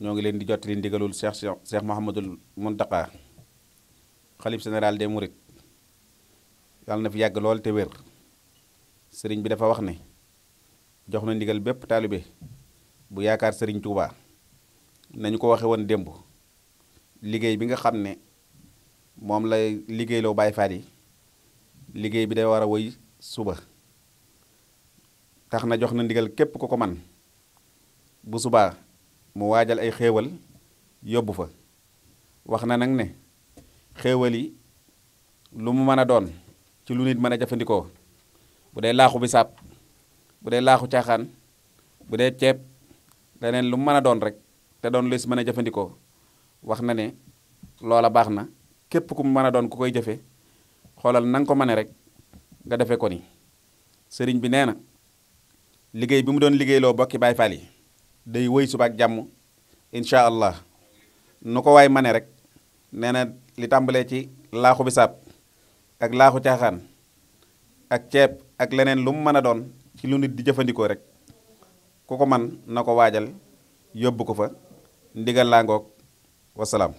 ñoo ngi leen di jottali ndigalul Cheikh Cheikh Mouhamadul Mountakha xalif général des Mourides yàlla na fi yàgg lool te wér sëriñ bi dafa wax ne jox na ndigal bépp taalibe bu yaakaar sëriñ tuuba nañu ko waxe woon démb liggéey bi nga xam ne moom lay liggéeyloo Baay Faal yi liggéey bi day war a woy suba tax na jox na ndigal képp ku ko man bu suba mu waajal ay xéewal yóbbu fa wax na nag ne xéewal yi lu mu mën a doon ci lu nit mën a jëfandikoo bu dee laaxu bisaab bu dee laaxu caaxaan bu dee ceeb leneen lu mu mën a doon rek te doon lees mën a jëfandikoo wax na ne loola baax na képp ku mu mën a doon ku koy jëfe xoolal na ko mane rek nga defe ko ni sëriñ bi nee na liggéey bi mu doon liggéeyloo bokki Baay Faal yi day woy suba ak jàmm incha allah nu ko waay mane rek nee na li tàmbalee ci laaxu bisaab ak laaxu caaxaan ak ceeb ak leneen lu mu mën a doon ci lu nit di jëfandikoo rek ku ko man na ko waajal yóbbu ko fa ndigal laa ngoog wasalaam